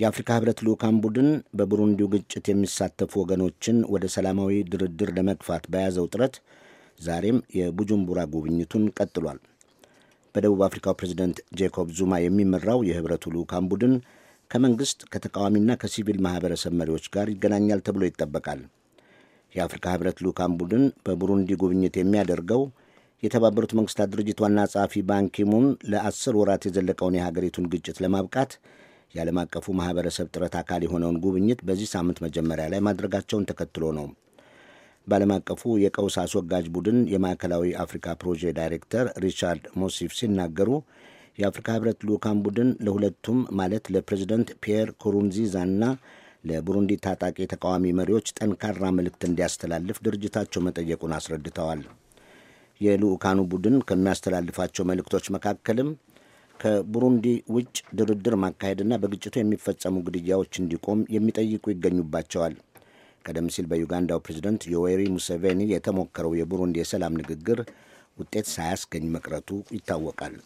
የአፍሪካ ህብረት ልዑካን ቡድን በቡሩንዲው ግጭት የሚሳተፉ ወገኖችን ወደ ሰላማዊ ድርድር ለመግፋት በያዘው ጥረት ዛሬም የቡጁምቡራ ጉብኝቱን ቀጥሏል። በደቡብ አፍሪካው ፕሬዚደንት ጄኮብ ዙማ የሚመራው የህብረቱ ልዑካን ቡድን ከመንግሥት ከተቃዋሚና ከሲቪል ማኅበረሰብ መሪዎች ጋር ይገናኛል ተብሎ ይጠበቃል። የአፍሪካ ህብረት ልዑካን ቡድን በቡሩንዲ ጉብኝት የሚያደርገው የተባበሩት መንግሥታት ድርጅት ዋና ጸሐፊ ባንኪሙን ለአስር ወራት የዘለቀውን የሀገሪቱን ግጭት ለማብቃት የዓለም አቀፉ ማህበረሰብ ጥረት አካል የሆነውን ጉብኝት በዚህ ሳምንት መጀመሪያ ላይ ማድረጋቸውን ተከትሎ ነው። በዓለም አቀፉ የቀውስ አስወጋጅ ቡድን የማዕከላዊ አፍሪካ ፕሮጀክት ዳይሬክተር ሪቻርድ ሞሲፍ ሲናገሩ የአፍሪካ ህብረት ልዑካን ቡድን ለሁለቱም ማለት ለፕሬዚደንት ፒየር ኩሩንዚዛና ለቡሩንዲ ታጣቂ ተቃዋሚ መሪዎች ጠንካራ መልእክት እንዲያስተላልፍ ድርጅታቸው መጠየቁን አስረድተዋል። የልዑካኑ ቡድን ከሚያስተላልፋቸው መልእክቶች መካከልም ከቡሩንዲ ውጭ ድርድር ማካሄድና በግጭቱ የሚፈጸሙ ግድያዎች እንዲቆም የሚጠይቁ ይገኙባቸዋል። ቀደም ሲል በዩጋንዳው ፕሬዝደንት ዮዌሪ ሙሴቬኒ የተሞከረው የቡሩንዲ የሰላም ንግግር ውጤት ሳያስገኝ መቅረቱ ይታወቃል።